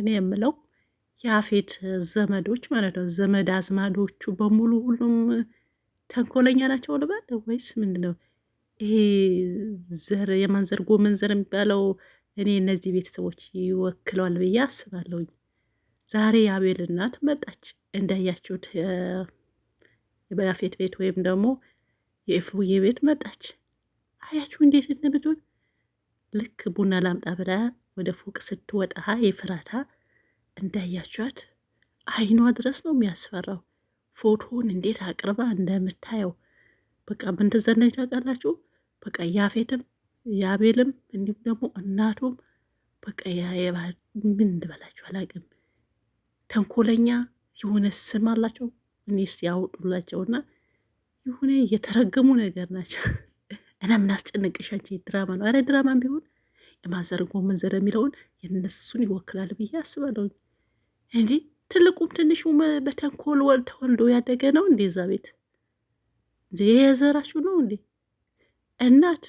እኔ የምለው የአፌት ዘመዶች ማለት ነው፣ ዘመድ አዝማዶቹ በሙሉ ሁሉም ተንኮለኛ ናቸው ልበል ወይስ ምንድን ነው ይሄ ዘር የማንዘር ጎመን ዘር የሚባለው? እኔ እነዚህ ቤተሰቦች ይወክለዋል ብዬ አስባለሁኝ። ዛሬ የአቤል እናት መጣች እንዳያችሁት በያፌት ቤት ወይም ደግሞ የእፉዬ ቤት መጣች። አያችሁ እንዴት ልክ ቡና ላምጣ ብላ ወደ ፎቅ ስትወጣ የፍራታ እንዳያችኋት አይኗ ድረስ ነው የሚያስፈራው። ፎቶውን እንዴት አቅርባ እንደምታየው በቃ ምን ተዘነጅ በቃ ያፌትም ያቤልም እንዲሁም ደግሞ እናቱም በቃ ምን እንበላችሁ አላቅም። ተንኮለኛ የሆነ ስም አላቸው። እኔስ ያውጡላቸውና የሆነ የተረገሙ ነገር ናቸው። እና ምን አስጨነቅሽ አንቺ? ድራማ ነው። ኧረ ድራማም ቢሆን ማዘር መንዘር የሚለውን የነሱን ይወክላል ብዬ አስባለሁ። እንዲህ ትልቁም ትንሹም በተንኮል ተወልዶ ያደገ ነው እንዴ? እዛ ቤት የዘራችሁ ነው እንዴ? እናት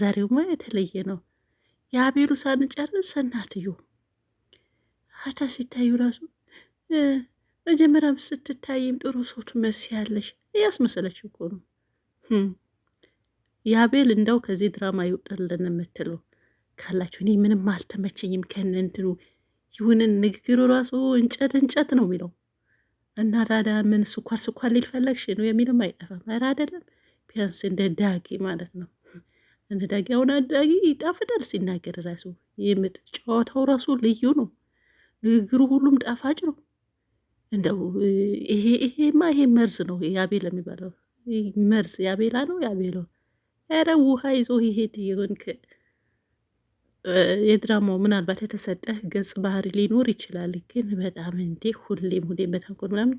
ዛሬውማ የተለየ ነው። የአቤሉ ሳንጨርስ እናትዮ አታ ሲታዩ ራሱ መጀመሪያም ስትታይም ጥሩ ሰው ትመስያለሽ እያስመሰለች እኮ ነው። የአቤል እንደው ከዚህ ድራማ ይውጥልን የምትሉ ካላችሁ እኔ ምንም አልተመቸኝም። ከነ እንትኑ ይሁንን ንግግሩ ራሱ እንጨት እንጨት ነው የሚለው እና ታዲያ ምን ስኳር ስኳር ሊልፈለግሽ ነው የሚልም አይጠፋም። ኧረ አይደለም ቢያንስ እንደ ዳጊ ማለት ነው እንደ ዳጊ አሁን አዳጊ ይጣፍጣል ሲናገር ራሱ የምር ጨዋታው ራሱ ልዩ ነው። ንግግሩ ሁሉም ጣፋጭ ነው። እንደው ይሄ ይሄማ ይሄ መርዝ ነው ያቤል የሚባለው መርዝ ያቤላ ነው ያቤለው ኧረ ውሃ ይዞ ይሄድ ይሆንክ የድራማው ምናልባት የተሰጠህ ገጽ ባህሪ ሊኖር ይችላል። ግን በጣም እንዴ ሁሌም ሁሌም በተንኮል ምናምን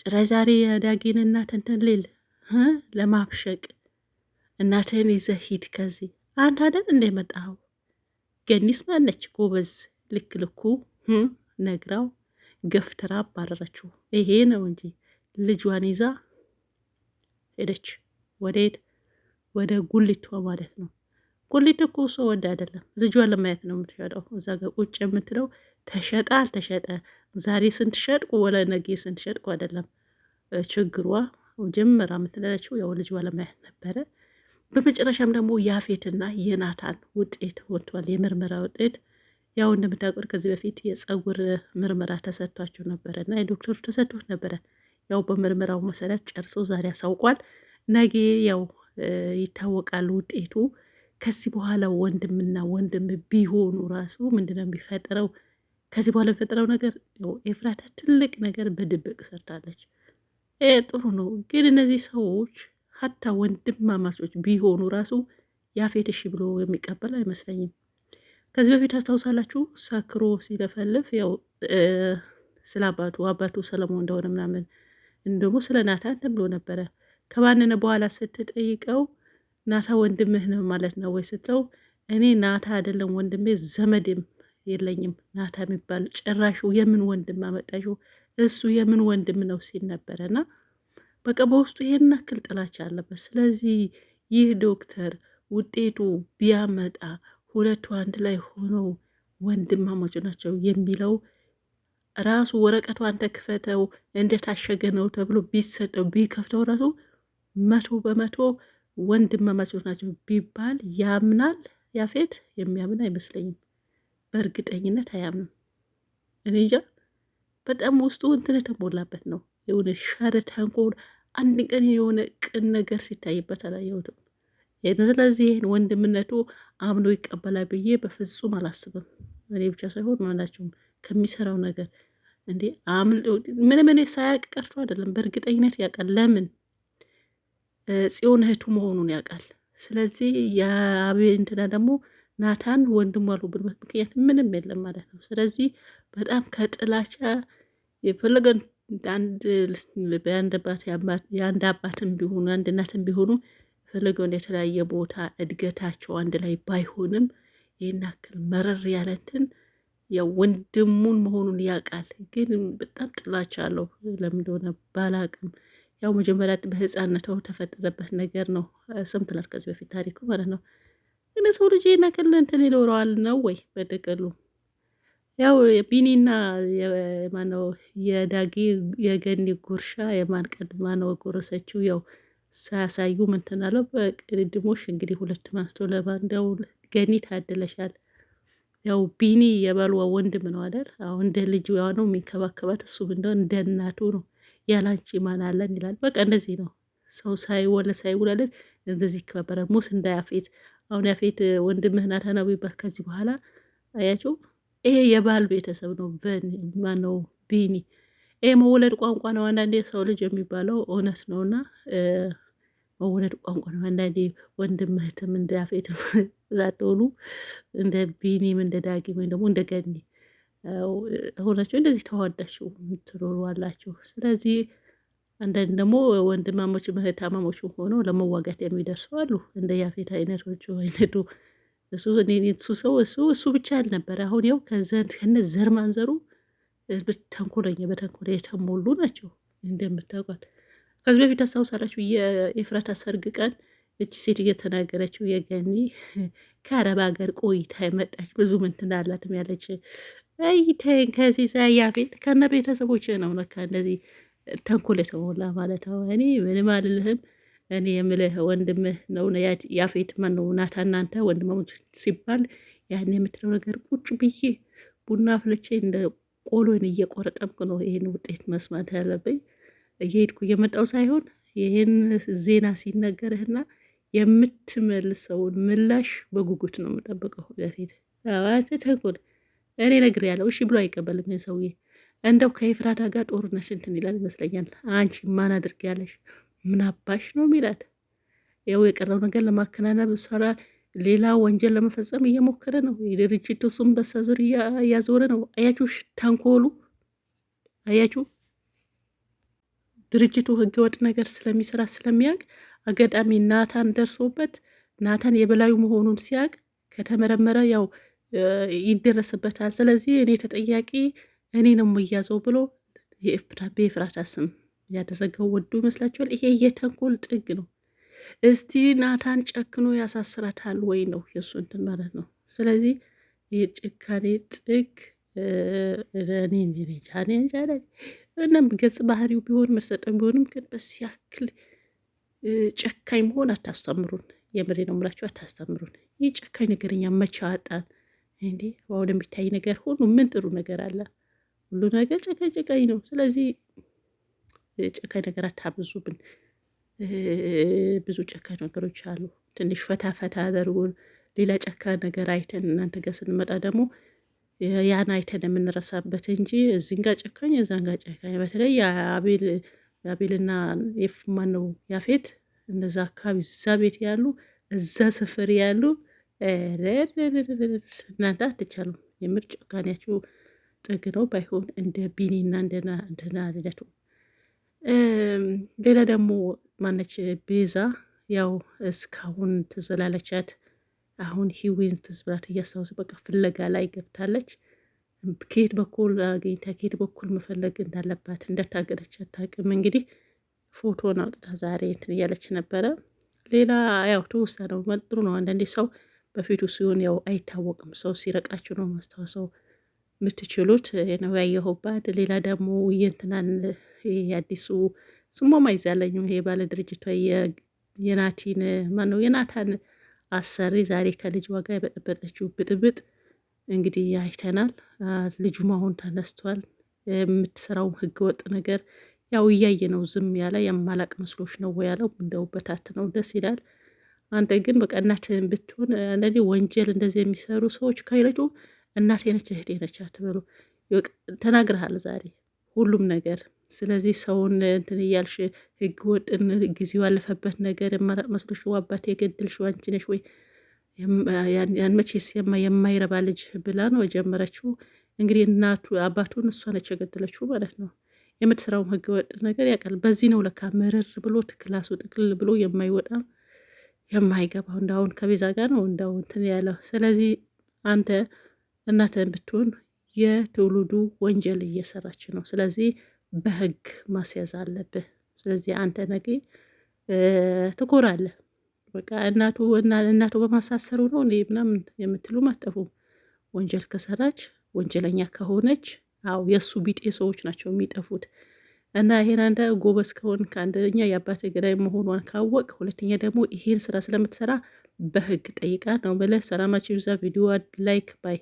ጭራ ዛሬ የዳጊን እናት እንትን ሌል ለማብሸቅ እናትህን ይዘህ ሂድ ከዚህ አንድ አደን እንደ መጣኸው ገኒስ ማነች ጎበዝ ልክ ልኩ ነግራው ገፍትራ አባረረችው። ይሄ ነው እንጂ ልጇን ይዛ ሄደች ወደ ሄድ ወደ ጉሊቷ ማለት ነው። ጉሊት እኮ እሷ ወደ አይደለም ልጇ ለማየት ነው የምትሸጠው። እዛ ጋር ቁጭ የምትለው ተሸጠ አልተሸጠ፣ ዛሬ ስንት ሸጥቁ ወለ ነገ ስንት ሸጥቁ አይደለም ችግሯ። ጀምራ የምትለለችው ያው ልጇ ለማየት ነበረ። በመጨረሻም ደግሞ ያፌትና የናታን ውጤት ወጥቷል። የምርመራ ውጤት ያው እንደምታውቁት ከዚህ በፊት የፀጉር ምርመራ ተሰጥቷቸው ነበረ እና የዶክተሮች ተሰጥቶት ነበረ። ያው በምርመራው መሰረት ጨርሶ ዛሬ አሳውቋል። ነጌ ያው ይታወቃል ውጤቱ። ከዚህ በኋላ ወንድምና ወንድም ቢሆኑ ራሱ ምንድነው የሚፈጥረው ከዚህ በኋላ የሚፈጥረው ነገር ኤፍራታ ትልቅ ነገር በድብቅ ሰርታለች። ጥሩ ነው ግን እነዚህ ሰዎች ሀታ ወንድማማቾች ቢሆኑ ራሱ ያፌት ብሎ የሚቀበል አይመስለኝም። ከዚህ በፊት አስታውሳላችሁ ሰክሮ ሲለፈልፍ ያው ስለ አባቱ አባቱ ሰለሞን እንደሆነ ምናምን ደግሞ ስለ ናታን ብሎ ነበረ ከባነነ በኋላ ስትጠይቀው ናታ ወንድምህ ነው ማለት ነው ወይ ስትለው እኔ ናታ አይደለም ወንድሜ ዘመድም የለኝም ናታ የሚባል ጭራሹ የምን ወንድም አመጣሹ እሱ የምን ወንድም ነው ሲል ነበረና በቃ በውስጡ ይሄን አክል ጥላቻ አለበት ስለዚህ ይህ ዶክተር ውጤቱ ቢያመጣ ሁለቱ አንድ ላይ ሆነው ወንድማማች ናቸው የሚለው ራሱ ወረቀቱ አንተ ክፈተው እንደታሸገ ነው ተብሎ ቢሰጠው ቢከፍተው ራሱ መቶ በመቶ ወንድማማቾች ናቸው ቢባል ያምናል ያፌት? የሚያምን አይመስለኝም። በእርግጠኝነት አያምንም። እኔ እንጃ በጣም ውስጡ እንትን የተሞላበት ነው። የሆነ ሸረ ተንኮል፣ አንድ ቀን የሆነ ቅን ነገር ሲታይበት አላየሁትም። ስለዚህ ይህን ወንድምነቱ አምኖ ይቀበላል ብዬ በፍጹም አላስብም። እኔ ብቻ ሳይሆን ማናቸውም ከሚሰራው ነገር እንዴ ምንም እኔ ሳያቅ ቀርቶ አይደለም፣ በእርግጠኝነት ያውቃል። ለምን ጽዮን እህቱ መሆኑን ያውቃል። ስለዚህ የአቤል እንትና ደግሞ ናታን ወንድም አልሆንበት ምክንያት ምንም የለም ማለት ነው። ስለዚህ በጣም ከጥላቻ የፈለገን የአንድ አባትም ቢሆኑ የአንድ እናትም ቢሆኑ የፈለገውን የተለያየ ቦታ እድገታቸው አንድ ላይ ባይሆንም ይህን ያክል መረር ያለንትን ወንድሙን መሆኑን ያውቃል። ግን በጣም ጥላቻ አለው ለምንደሆነ ባላቅም ያው መጀመሪያ በህፃነተው ተፈጠረበት ነገር ነው ሰምተናል፣ ከዚህ በፊት ታሪኩ ማለት ነው። ግን ሰው ልጅ ናክል እንትን ይኖረዋል ነው ወይ? በጥቅሉ ያው ቢኒና ማነው የዳጊ የገኒ ጉርሻ የማን ቀድማ ነው ጎረሰችው? ያው ሳያሳዩ ምንትን አለው። በቅድሞሽ እንግዲህ ሁለት ማንስቶ ለባንዳው ገኒ ታደለሻል። ያው ቢኒ የበልዋ ወንድም ነው አይደል? አሁን እንደ ልጅ ነው የሚንከባከባት እሱ እንደ እናቱ ነው ያላንቺ ማን አለን ይላል። በቃ እንደዚህ ነው ሰው ሳይወለድ ሳይወለድ እንደዚህ ይከባበራል። ሙስ እንደ ያፌት አሁን ያፌት ወንድምህና ተነቢበት ከዚህ በኋላ አያቸው። ይሄ የባል ቤተሰብ ነው። ማነው ቢኒ ይሄ መወለድ ቋንቋ ነው። አንዳንዴ ሰው ልጅ የሚባለው እውነት ነው እና መወለድ ቋንቋ ነው። አንዳንዴ ወንድም እህትም እንደ ያፌትም ዛት ሆኑ እንደ ቢኒም እንደ ዳጊም ወይም ደግሞ እንደ ገኒ ሁላችሁ እንደዚህ ተዋዳችሁ የምትኖሩ አላችሁ። ስለዚህ አንዳንድ ደግሞ ወንድማሞች እህትማማቾች ሆኖ ለመዋጋት የሚደርሱ አሉ። እንደ ያፌት አይነቶቹ አይነቱ እሱ እሱ ሰው እሱ እሱ ብቻ አልነበረ። አሁን ያው ከነ ዘር ማንዘሩ ተንኮለኛ በተንኮለ የተሞሉ ናቸው እንደምታውቋል ከዚህ በፊት አስታውሳላችሁ የኤፍራታ ሰርግ ቀን እቺ ሴት እየተናገረችው የገኒ ከአረብ ሀገር ቆይታ የመጣች ብዙ ምንትን አላትም ያለች ይተኝ ከዚህ ያፌት ከነ ቤተሰቦች ነው ለካ እንደዚህ ተንኮል የተሞላ ማለት ነው። እኔ ምንም አልልህም። እኔ የምልህ ወንድምህ ነው ያፌት ማን ነው ናታ። እናንተ ወንድማሞች ሲባል ያን የምትለው ነገር ቁጭ ብዬ ቡና ፍልቼ እንደ ቆሎን እየቆረጠምኩ ነው ይህን ውጤት መስማት ያለብኝ። እየሄድኩ እየመጣው ሳይሆን ይህን ዜና ሲነገርህና የምትመልሰውን ምላሽ በጉጉት ነው የምጠብቀው። ያፌት አንተ ተንኮል እኔ ነግር ያለው እሺ ብሎ አይቀበልም። ይህ ሰውዬ እንደው ከኤፍራታ ጋር ጦርነሽ እንትን ይላል ይመስለኛል። አንቺ ማን አድርግ ያለሽ ምን አባሽ ነው የሚላት? ያው የቀረው ነገር ለማከናነብ ሰራ ሌላ ወንጀል ለመፈጸም እየሞከረ ነው። የድርጅቱ ስም በሳ ዙር እያዞረ ነው። አያችሁ ታንኮሉ፣ አያችሁ ድርጅቱ ህገወጥ ነገር ስለሚሰራ ስለሚያውቅ አጋጣሚ ናታን ደርሶበት ናታን የበላዩ መሆኑን ሲያውቅ ከተመረመረ ያው ይደረስበታል። ስለዚህ እኔ ተጠያቂ እኔ ነው የምያዘው ብሎ በኤፍራታ ስም ያደረገው ወዶ ይመስላችኋል? ይሄ የተንኮል ጥግ ነው። እስቲ ናታን ጨክኖ ያሳስራታል ወይ ነው የእሱ እንትን ማለት ነው። ስለዚህ የጭካኔ ጥግ እኔእኔእኔእኔእኔእኔእኔእኔእኔእኔእኔ ገጽ ባህሪው ቢሆን መሰጠን ቢሆንም ግን በስ ያክል ጨካኝ መሆን አታስተምሩን። የምሬ ነው የምላችሁ አታስተምሩን። ይህ ጨካኝ ነገረኛ መቼ አጣን? እንዴ ዋው የሚታይ ነገር ሁሉ ምን ጥሩ ነገር አለ? ሁሉ ነገር ጨቀጨቀኝ ነው። ስለዚህ ጨካኝ ነገር አታብዙብን። ብዙ ጨካ ነገሮች አሉ። ትንሽ ፈታ ፈታ አደርጉን። ሌላ ጨካ ነገር አይተን እናንተ ጋር ስንመጣ ደግሞ ያን አይተን የምንረሳበት እንጂ እዚህን ጋር ጨካኝ እዛን ጋር ጨካኝ። በተለይ የአቤልና ነው ያፌት እነዛ አካባቢ እዛ ቤት ያሉ እዛ ሰፈር ያሉ እናንተ አትቻሉም። የምር ጭካኔያችሁ ጥግ ነው። ባይሆን እንደ ቢኒና እንደና ሌላ ደግሞ ማነች ቤዛ ያው እስካሁን ትዘላለቻት። አሁን ሂዊን ትዝብላት እያስታወሰ በቃ ፍለጋ ላይ ገብታለች። ከየት በኩል አግኝታ ከየት በኩል መፈለግ እንዳለባት እንዳታገለች አታውቅም። እንግዲህ ፎቶን አውጥታ ዛሬ እንትን እያለች ነበረ። ሌላ ያው ትውስታ ነው። ነው። አንዳንዴ ሰው በፊቱ ሲሆን ያው አይታወቅም። ሰው ሲረቃችሁ ነው ማስታወሰው የምትችሉት ነው ያየሁባት። ሌላ ደግሞ የእንትናን የአዲሱ ስሟም አይዛለኝም ይሄ ባለ ድርጅቷ የናቲን ማነው የናታን አሰሪ ዛሬ ከልጅ ዋጋ የበጠበጠችው ብጥብጥ እንግዲህ አይተናል። ልጁም አሁን ተነስቷል። የምትሰራውም ህገወጥ ነገር ያው እያየ ነው ዝም ያለ የማላቅ መስሎች ነው ያለው። እንደው በታት ነው ደስ ይላል። አንተ ግን በቃ እናትህን ብትሆን አንዳንዴ ወንጀል እንደዚህ የሚሰሩ ሰዎች ከሌሉ እናቴ ነች እህቴ ነች አትበሉ። ተናግረሃል ዛሬ ሁሉም ነገር። ስለዚህ ሰውን እንትን እያልሽ ህግ ወጥን ጊዜው ያለፈበት ነገር መስሎሽ አባት የገድልሽ አንቺ ነሽ ወይ ያን መቼስ የማይረባ ልጅ ብላ ነው የጀመረችው። እንግዲህ እናቱ አባቱን እሷ ነች የገደለችው ማለት ነው። የምትሰራውም ህገ ወጥ ነገር ያውቃል። በዚህ ነው ለካ ምርር ብሎት ክላሱ ጥቅልል ብሎ የማይወጣ የማይገባው እንዳሁን ከቤዛ ጋር ነው እንዳሁን እንትን ያለው። ስለዚህ አንተ እናትህን ብትሆን የትውልዱ ወንጀል እየሰራች ነው። ስለዚህ በህግ ማስያዝ አለብህ። ስለዚህ አንተ ነገ ትኮራለህ። በቃ እናቱ እናቱ በማሳሰሩ ነው እኔ ምናምን የምትሉ ማጠፉ ወንጀል ከሰራች ወንጀለኛ ከሆነች አው የእሱ ቢጤ ሰዎች ናቸው የሚጠፉት። እና ይሄን አንተ ጎበዝ ከሆን ከአንደኛ የአባት ገዳይ መሆኗን ካወቅ፣ ሁለተኛ ደግሞ ይሄን ስራ ስለምትሰራ በህግ ጠይቃ ነው ብለህ። ሰላማችሁ ይብዛ። ቪዲዮ ላይክ ባይ